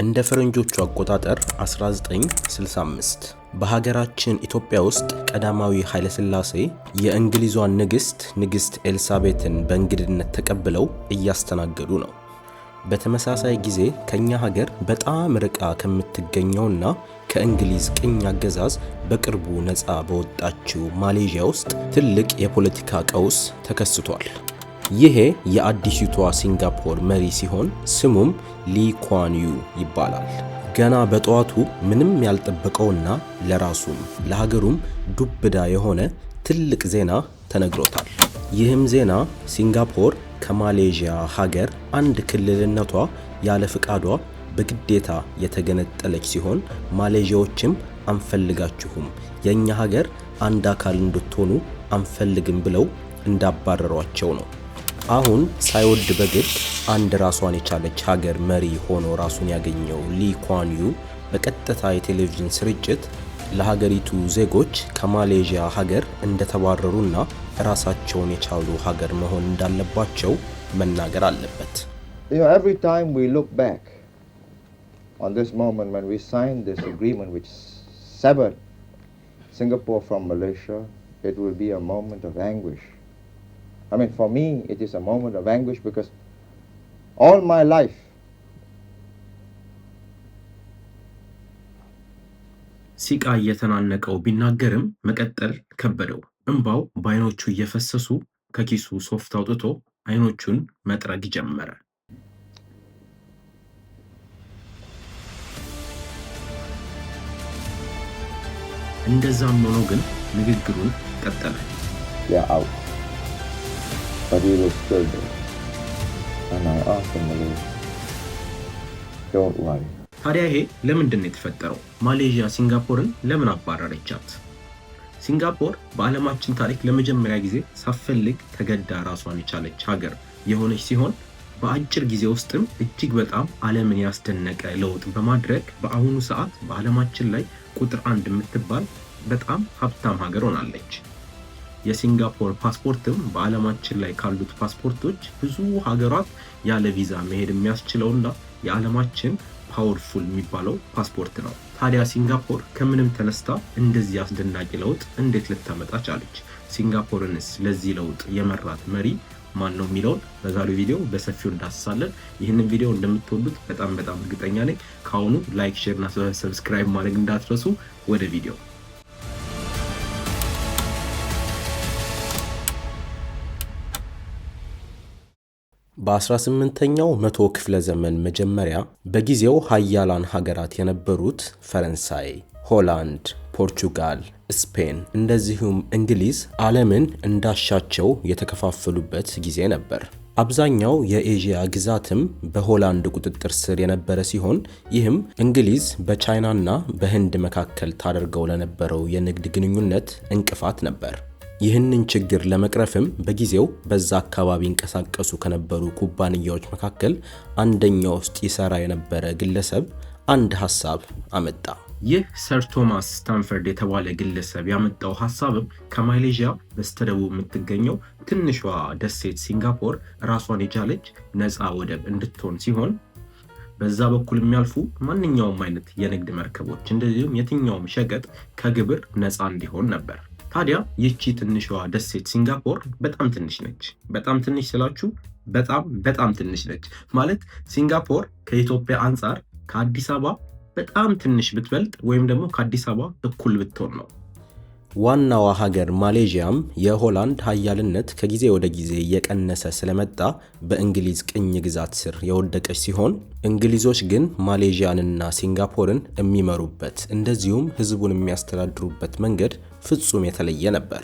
እንደ ፈረንጆቹ አቆጣጠር 1965 በሀገራችን ኢትዮጵያ ውስጥ ቀዳማዊ ኃይለሥላሴ የእንግሊዟን ንግሥት ንግሥት ኤልሳቤትን በእንግድነት ተቀብለው እያስተናገዱ ነው። በተመሳሳይ ጊዜ ከእኛ ሀገር በጣም ርቃ ከምትገኘውና ከእንግሊዝ ቅኝ አገዛዝ በቅርቡ ነፃ በወጣችው ማሌዥያ ውስጥ ትልቅ የፖለቲካ ቀውስ ተከስቷል። ይሄ የአዲሲቷ ሲንጋፖር መሪ ሲሆን ስሙም ሊ ኳን ዩ ይባላል። ገና በጠዋቱ ምንም ያልጠበቀውና ለራሱም ለሀገሩም ዱብዳ የሆነ ትልቅ ዜና ተነግሮታል። ይህም ዜና ሲንጋፖር ከማሌዥያ ሀገር አንድ ክልልነቷ ያለ ፍቃዷ በግዴታ የተገነጠለች ሲሆን ማሌዥያዎችም አንፈልጋችሁም፣ የእኛ ሀገር አንድ አካል እንድትሆኑ አንፈልግም ብለው እንዳባረሯቸው ነው። አሁን ሳይወድ በግድ አንድ ራሷን የቻለች ሀገር መሪ ሆኖ ራሱን ያገኘው ሊ ኳን ዩ በቀጥታ የቴሌቪዥን ስርጭት ለሀገሪቱ ዜጎች ከማሌዥያ ሀገር እንደተባረሩና ራሳቸውን የቻሉ ሀገር መሆን እንዳለባቸው መናገር አለበት። ሲንጋፖር ፍሮም ማሌዥያ ኢት ዊል ቢ አ ሞመንት ኦፍ አንጉሽ I mean, for me, it is a moment of anguish because all my life, ሲቃ እየተናነቀው ቢናገርም መቀጠል ከበደው። እምባው በአይኖቹ እየፈሰሱ ከኪሱ ሶፍት አውጥቶ አይኖቹን መጥረግ ጀመረ። እንደዛም ሆኖ ግን ንግግሩን ቀጠለ። Buddy was struggling, and I asked don't lie. ታዲያ ይሄ ለምንድን ነው የተፈጠረው? ማሌዥያ ሲንጋፖርን ለምን አባረረቻት? ሲንጋፖር በዓለማችን ታሪክ ለመጀመሪያ ጊዜ ሳፈልግ ተገዳ ራሷን የቻለች ሀገር የሆነች ሲሆን በአጭር ጊዜ ውስጥም እጅግ በጣም ዓለምን ያስደነቀ ለውጥ በማድረግ በአሁኑ ሰዓት በዓለማችን ላይ ቁጥር አንድ የምትባል በጣም ሀብታም ሀገር ሆናለች። የሲንጋፖር ፓስፖርትም በዓለማችን ላይ ካሉት ፓስፖርቶች ብዙ ሀገራት ያለ ቪዛ መሄድ የሚያስችለውና የዓለማችን ፓወርፉል የሚባለው ፓስፖርት ነው። ታዲያ ሲንጋፖር ከምንም ተነስታ እንደዚህ አስደናቂ ለውጥ እንዴት ልታመጣ ቻለች? ሲንጋፖርንስ ለዚህ ለውጥ የመራት መሪ ማን ነው የሚለውን በዛሬው ቪዲዮ በሰፊው እንዳስሳለን። ይህንን ቪዲዮ እንደምትወዱት በጣም በጣም እርግጠኛ ነኝ። ከአሁኑ ላይክ፣ ሼር እና ሰብስክራይብ ማድረግ እንዳትረሱ። ወደ ቪዲዮ በ18ኛው መቶ ክፍለ ዘመን መጀመሪያ በጊዜው ሀያላን ሀገራት የነበሩት ፈረንሳይ፣ ሆላንድ፣ ፖርቹጋል፣ ስፔን እንደዚሁም እንግሊዝ ዓለምን እንዳሻቸው የተከፋፈሉበት ጊዜ ነበር። አብዛኛው የኤዥያ ግዛትም በሆላንድ ቁጥጥር ስር የነበረ ሲሆን ይህም እንግሊዝ በቻይናና በህንድ መካከል ታደርገው ለነበረው የንግድ ግንኙነት እንቅፋት ነበር። ይህንን ችግር ለመቅረፍም በጊዜው በዛ አካባቢ ይንቀሳቀሱ ከነበሩ ኩባንያዎች መካከል አንደኛው ውስጥ ይሰራ የነበረ ግለሰብ አንድ ሀሳብ አመጣ። ይህ ሰር ቶማስ ስታንፈርድ የተባለ ግለሰብ ያመጣው ሀሳብም ከማሌዥያ በስተደቡብ የምትገኘው ትንሿ ደሴት ሲንጋፖር ራሷን የቻለች ነፃ ወደብ እንድትሆን ሲሆን በዛ በኩል የሚያልፉ ማንኛውም አይነት የንግድ መርከቦች እንደዚሁም የትኛውም ሸቀጥ ከግብር ነፃ እንዲሆን ነበር። ታዲያ ይቺ ትንሿ ደሴት ሲንጋፖር በጣም ትንሽ ነች። በጣም ትንሽ ስላችሁ በጣም በጣም ትንሽ ነች ማለት ሲንጋፖር ከኢትዮጵያ አንጻር ከአዲስ አበባ በጣም ትንሽ ብትበልጥ ወይም ደግሞ ከአዲስ አበባ እኩል ብትሆን ነው። ዋናዋ ሀገር ማሌዥያም የሆላንድ ሀያልነት ከጊዜ ወደ ጊዜ እየቀነሰ ስለመጣ በእንግሊዝ ቅኝ ግዛት ስር የወደቀች ሲሆን እንግሊዞች ግን ማሌዥያንና ሲንጋፖርን የሚመሩበት እንደዚሁም ሕዝቡን የሚያስተዳድሩበት መንገድ ፍጹም የተለየ ነበር።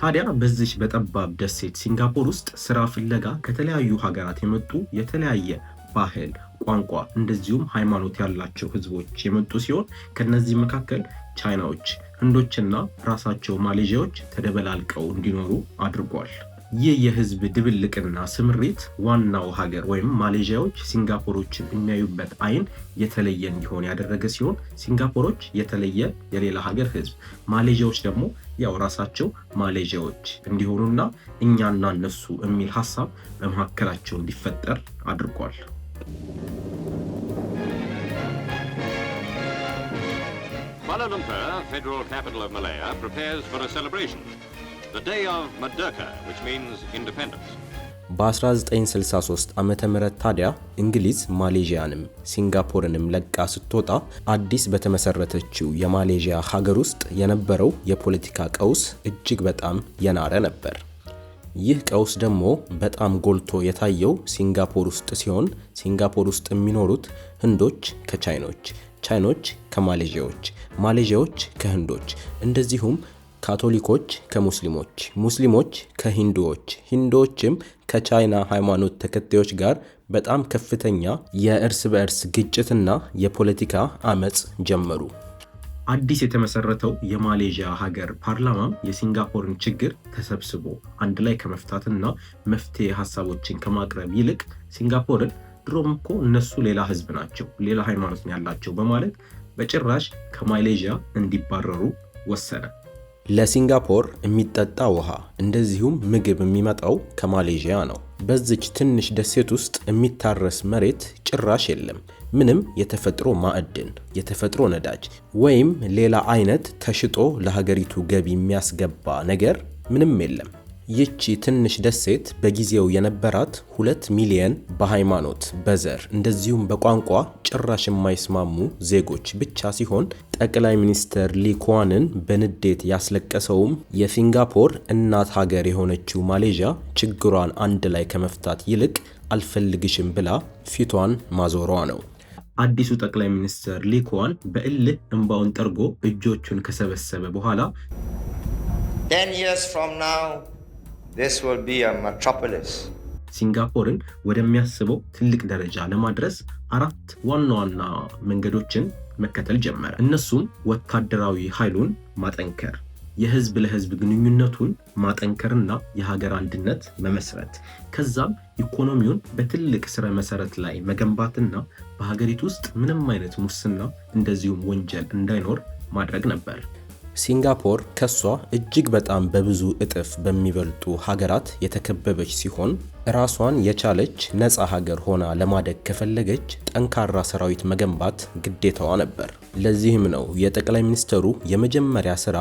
ታዲያ በዚህ በጠባብ ደሴት ሲንጋፖር ውስጥ ስራ ፍለጋ ከተለያዩ ሀገራት የመጡ የተለያየ ባህል፣ ቋንቋ እንደዚሁም ሃይማኖት ያላቸው ህዝቦች የመጡ ሲሆን ከነዚህ መካከል ቻይናዎች፣ ህንዶችና ራሳቸው ማሌዥያዎች ተደበላልቀው እንዲኖሩ አድርጓል። ይህ የህዝብ ድብልቅና ስምሪት ዋናው ሀገር ወይም ማሌዥያዎች ሲንጋፖሮችን የሚያዩበት አይን የተለየ እንዲሆን ያደረገ ሲሆን ሲንጋፖሮች የተለየ የሌላ ሀገር ህዝብ፣ ማሌዥያዎች ደግሞ ያው ራሳቸው ማሌዥያዎች እንዲሆኑና እኛና እነሱ የሚል ሀሳብ በመካከላቸው እንዲፈጠር አድርጓል። Kuala Lumpur, federal capital of Malaya, prepares for ሴሌብሬሽን በ1963 ዓ ም ታዲያ እንግሊዝ ማሌዥያንም ሲንጋፖርንም ለቃ ስትወጣ አዲስ በተመሰረተችው የማሌዥያ ሀገር ውስጥ የነበረው የፖለቲካ ቀውስ እጅግ በጣም የናረ ነበር። ይህ ቀውስ ደግሞ በጣም ጎልቶ የታየው ሲንጋፖር ውስጥ ሲሆን ሲንጋፖር ውስጥ የሚኖሩት ህንዶች ከቻይኖች፣ ቻይኖች ከማሌዥያዎች፣ ማሌዥያዎች ከህንዶች እንደዚሁም ካቶሊኮች ከሙስሊሞች፣ ሙስሊሞች ከሂንዱዎች፣ ሂንዱዎችም ከቻይና ሃይማኖት ተከታዮች ጋር በጣም ከፍተኛ የእርስ በእርስ ግጭትና የፖለቲካ አመፅ ጀመሩ። አዲስ የተመሰረተው የማሌዥያ ሀገር ፓርላማም የሲንጋፖርን ችግር ተሰብስቦ አንድ ላይ ከመፍታትና መፍትሄ ሀሳቦችን ከማቅረብ ይልቅ ሲንጋፖርን ድሮም እኮ እነሱ ሌላ ህዝብ ናቸው፣ ሌላ ሃይማኖት ያላቸው በማለት በጭራሽ ከማሌዥያ እንዲባረሩ ወሰነ። ለሲንጋፖር የሚጠጣ ውሃ እንደዚሁም ምግብ የሚመጣው ከማሌዥያ ነው። በዚች ትንሽ ደሴት ውስጥ የሚታረስ መሬት ጭራሽ የለም። ምንም የተፈጥሮ ማዕድን፣ የተፈጥሮ ነዳጅ ወይም ሌላ አይነት ተሽጦ ለሀገሪቱ ገቢ የሚያስገባ ነገር ምንም የለም። ይቺ ትንሽ ደሴት በጊዜው የነበራት ሁለት ሚሊየን በሃይማኖት በዘር እንደዚሁም በቋንቋ ጭራሽ የማይስማሙ ዜጎች ብቻ ሲሆን ጠቅላይ ሚኒስትር ሊኳንን በንዴት ያስለቀሰውም የሲንጋፖር እናት ሀገር የሆነችው ማሌዥያ ችግሯን አንድ ላይ ከመፍታት ይልቅ አልፈልግሽም ብላ ፊቷን ማዞሯ ነው። አዲሱ ጠቅላይ ሚኒስትር ሊኳን በእልህ እንባውን ጠርጎ እጆቹን ከሰበሰበ በኋላ ሲንጋፖርን ወደሚያስበው ትልቅ ደረጃ ለማድረስ አራት ዋና ዋና መንገዶችን መከተል ጀመረ። እነሱም ወታደራዊ ኃይሉን ማጠንከር፣ የህዝብ ለህዝብ ግንኙነቱን ማጠንከርና የሀገር አንድነት መመስረት፣ ከዛም ኢኮኖሚውን በትልቅ ስረ መሰረት ላይ መገንባትና በሀገሪቱ ውስጥ ምንም አይነት ሙስና እንደዚሁም ወንጀል እንዳይኖር ማድረግ ነበር። ሲንጋፖር ከሷ እጅግ በጣም በብዙ እጥፍ በሚበልጡ ሀገራት የተከበበች ሲሆን ራሷን የቻለች ነፃ ሀገር ሆና ለማደግ ከፈለገች ጠንካራ ሰራዊት መገንባት ግዴታዋ ነበር። ለዚህም ነው የጠቅላይ ሚኒስትሩ የመጀመሪያ ስራ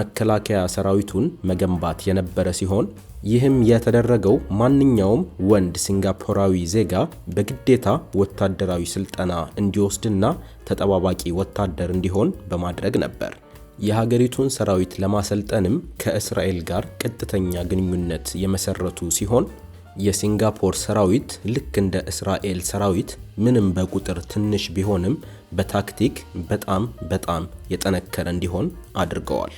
መከላከያ ሰራዊቱን መገንባት የነበረ ሲሆን ይህም የተደረገው ማንኛውም ወንድ ሲንጋፖራዊ ዜጋ በግዴታ ወታደራዊ ስልጠና እንዲወስድና ተጠባባቂ ወታደር እንዲሆን በማድረግ ነበር። የሀገሪቱን ሰራዊት ለማሰልጠንም ከእስራኤል ጋር ቀጥተኛ ግንኙነት የመሰረቱ ሲሆን የሲንጋፖር ሰራዊት ልክ እንደ እስራኤል ሰራዊት ምንም በቁጥር ትንሽ ቢሆንም በታክቲክ በጣም በጣም የጠነከረ እንዲሆን አድርገዋል።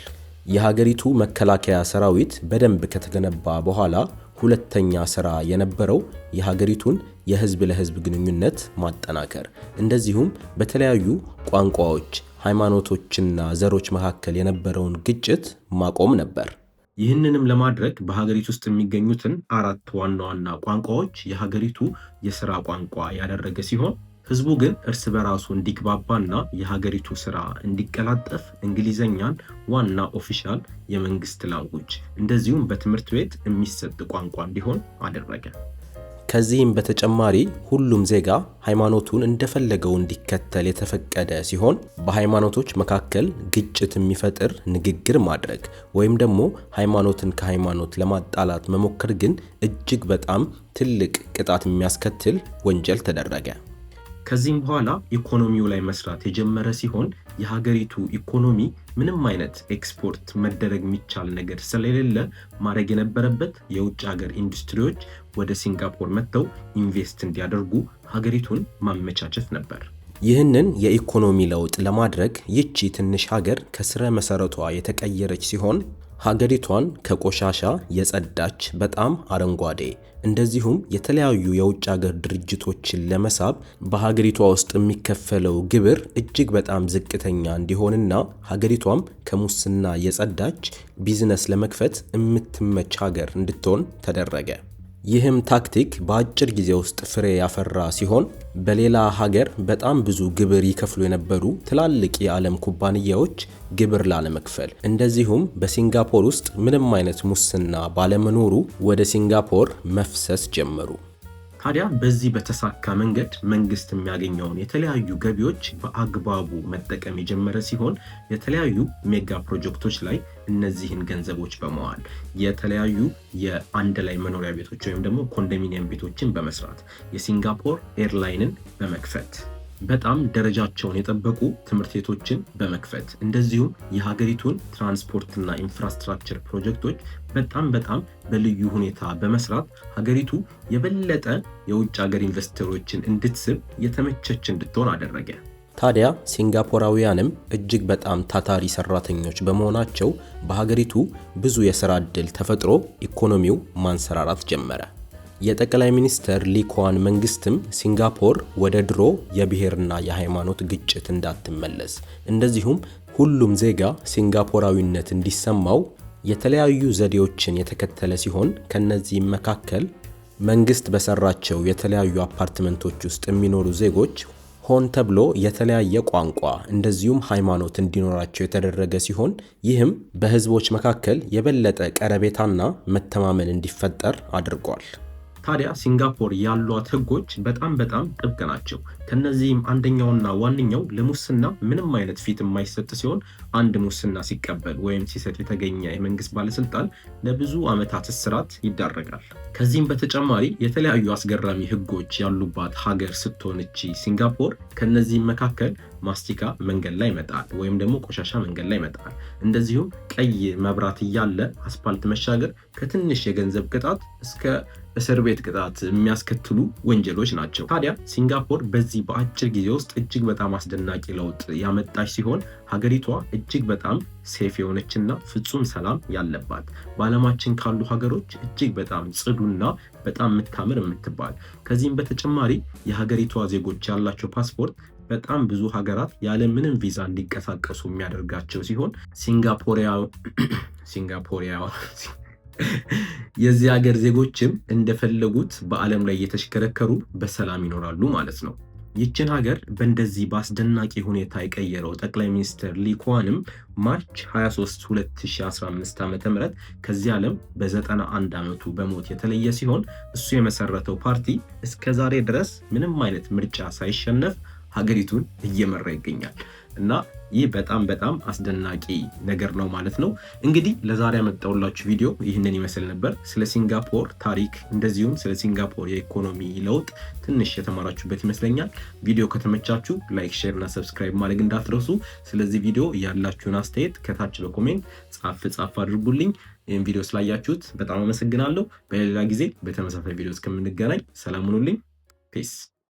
የሀገሪቱ መከላከያ ሰራዊት በደንብ ከተገነባ በኋላ ሁለተኛ ስራ የነበረው የሀገሪቱን የህዝብ ለህዝብ ግንኙነት ማጠናከር እንደዚሁም በተለያዩ ቋንቋዎች፣ ሃይማኖቶችና ዘሮች መካከል የነበረውን ግጭት ማቆም ነበር። ይህንንም ለማድረግ በሀገሪቱ ውስጥ የሚገኙትን አራት ዋና ዋና ቋንቋዎች የሀገሪቱ የስራ ቋንቋ ያደረገ ሲሆን ህዝቡ ግን እርስ በራሱ እንዲግባባና የሀገሪቱ ስራ እንዲቀላጠፍ እንግሊዘኛን ዋና ኦፊሻል የመንግስት ላንጉጅ እንደዚሁም በትምህርት ቤት የሚሰጥ ቋንቋ እንዲሆን አደረገ። ከዚህም በተጨማሪ ሁሉም ዜጋ ሃይማኖቱን እንደፈለገው እንዲከተል የተፈቀደ ሲሆን በሃይማኖቶች መካከል ግጭት የሚፈጥር ንግግር ማድረግ ወይም ደግሞ ሃይማኖትን ከሃይማኖት ለማጣላት መሞከር ግን እጅግ በጣም ትልቅ ቅጣት የሚያስከትል ወንጀል ተደረገ። ከዚህም በኋላ ኢኮኖሚው ላይ መስራት የጀመረ ሲሆን የሀገሪቱ ኢኮኖሚ ምንም አይነት ኤክስፖርት መደረግ የሚቻል ነገር ስለሌለ ማድረግ የነበረበት የውጭ ሀገር ኢንዱስትሪዎች ወደ ሲንጋፖር መጥተው ኢንቨስት እንዲያደርጉ ሀገሪቱን ማመቻቸት ነበር። ይህንን የኢኮኖሚ ለውጥ ለማድረግ ይቺ ትንሽ ሀገር ከስረ መሰረቷ የተቀየረች ሲሆን ሀገሪቷን ከቆሻሻ የጸዳች በጣም አረንጓዴ እንደዚሁም የተለያዩ የውጭ ሀገር ድርጅቶችን ለመሳብ በሀገሪቷ ውስጥ የሚከፈለው ግብር እጅግ በጣም ዝቅተኛ እንዲሆንና ሀገሪቷም ከሙስና የጸዳች ቢዝነስ ለመክፈት የምትመች ሀገር እንድትሆን ተደረገ። ይህም ታክቲክ በአጭር ጊዜ ውስጥ ፍሬ ያፈራ ሲሆን በሌላ ሀገር በጣም ብዙ ግብር ይከፍሉ የነበሩ ትላልቅ የዓለም ኩባንያዎች ግብር ላለመክፈል እንደዚሁም በሲንጋፖር ውስጥ ምንም አይነት ሙስና ባለመኖሩ ወደ ሲንጋፖር መፍሰስ ጀመሩ። ታዲያ በዚህ በተሳካ መንገድ መንግስት የሚያገኘውን የተለያዩ ገቢዎች በአግባቡ መጠቀም የጀመረ ሲሆን የተለያዩ ሜጋ ፕሮጀክቶች ላይ እነዚህን ገንዘቦች በመዋል የተለያዩ የአንድ ላይ መኖሪያ ቤቶች ወይም ደግሞ ኮንዶሚኒየም ቤቶችን በመስራት የሲንጋፖር ኤርላይንን በመክፈት በጣም ደረጃቸውን የጠበቁ ትምህርት ቤቶችን በመክፈት እንደዚሁም የሀገሪቱን ትራንስፖርትና ኢንፍራስትራክቸር ፕሮጀክቶች በጣም በጣም በልዩ ሁኔታ በመስራት ሀገሪቱ የበለጠ የውጭ ሀገር ኢንቨስተሮችን እንድትስብ የተመቸች እንድትሆን አደረገ። ታዲያ ሲንጋፖራውያንም እጅግ በጣም ታታሪ ሰራተኞች በመሆናቸው በሀገሪቱ ብዙ የስራ ዕድል ተፈጥሮ ኢኮኖሚው ማንሰራራት ጀመረ። የጠቅላይ ሚኒስትር ሊኳን መንግስትም ሲንጋፖር ወደ ድሮ የብሔርና የሃይማኖት ግጭት እንዳትመለስ እንደዚሁም ሁሉም ዜጋ ሲንጋፖራዊነት እንዲሰማው የተለያዩ ዘዴዎችን የተከተለ ሲሆን ከነዚህም መካከል መንግስት በሰራቸው የተለያዩ አፓርትመንቶች ውስጥ የሚኖሩ ዜጎች ሆን ተብሎ የተለያየ ቋንቋ እንደዚሁም ሃይማኖት እንዲኖራቸው የተደረገ ሲሆን ይህም በህዝቦች መካከል የበለጠ ቀረቤታና መተማመን እንዲፈጠር አድርጓል። ታዲያ ሲንጋፖር ያሏት ህጎች በጣም በጣም ጥብቅ ናቸው። ከነዚህም አንደኛውና ዋነኛው ለሙስና ምንም አይነት ፊት የማይሰጥ ሲሆን አንድ ሙስና ሲቀበል ወይም ሲሰጥ የተገኘ የመንግስት ባለስልጣን ለብዙ ዓመታት እስራት ይዳረጋል። ከዚህም በተጨማሪ የተለያዩ አስገራሚ ህጎች ያሉባት ሀገር ስትሆን እቺ ሲንጋፖር ከነዚህም መካከል ማስቲካ መንገድ ላይ ይመጣል፣ ወይም ደግሞ ቆሻሻ መንገድ ላይ ይመጣል። እንደዚሁም ቀይ መብራት እያለ አስፓልት መሻገር ከትንሽ የገንዘብ ቅጣት እስከ እስር ቤት ቅጣት የሚያስከትሉ ወንጀሎች ናቸው። ታዲያ ሲንጋፖር በዚህ በአጭር ጊዜ ውስጥ እጅግ በጣም አስደናቂ ለውጥ ያመጣች ሲሆን ሀገሪቷ እጅግ በጣም ሴፍ የሆነችና ፍጹም ሰላም ያለባት በዓለማችን ካሉ ሀገሮች እጅግ በጣም ጽዱና በጣም የምታምር የምትባል ከዚህም በተጨማሪ የሀገሪቷ ዜጎች ያላቸው ፓስፖርት በጣም ብዙ ሀገራት ያለምንም ቪዛ እንዲንቀሳቀሱ የሚያደርጋቸው ሲሆን ሲንጋፖሪያ ሲንጋፖሪያ የዚህ ሀገር ዜጎችም እንደፈለጉት በዓለም ላይ እየተሽከረከሩ በሰላም ይኖራሉ ማለት ነው። ይችን ሀገር በእንደዚህ በአስደናቂ ሁኔታ የቀየረው ጠቅላይ ሚኒስትር ሊኳንም ማርች 23 2015 ዓ ም ከዚህ ዓለም በ91 ዓመቱ በሞት የተለየ ሲሆን እሱ የመሰረተው ፓርቲ እስከ ዛሬ ድረስ ምንም አይነት ምርጫ ሳይሸነፍ ሀገሪቱን እየመራ ይገኛል። እና ይህ በጣም በጣም አስደናቂ ነገር ነው ማለት ነው። እንግዲህ ለዛሬ ያመጣውላችሁ ቪዲዮ ይህንን ይመስል ነበር። ስለ ሲንጋፖር ታሪክ እንደዚሁም ስለ ሲንጋፖር የኢኮኖሚ ለውጥ ትንሽ የተማራችሁበት ይመስለኛል። ቪዲዮ ከተመቻችሁ ላይክ፣ ሼር እና ሰብስክራይብ ማድረግ እንዳትረሱ። ስለዚህ ቪዲዮ ያላችሁን አስተያየት ከታች በኮሜንት ጻፍ ጻፍ አድርጉልኝ። ይህን ቪዲዮ ስላያችሁት በጣም አመሰግናለሁ። በሌላ ጊዜ በተመሳሳይ ቪዲዮ እስከምንገናኝ ሰላም ሁኑልኝ። ፔስ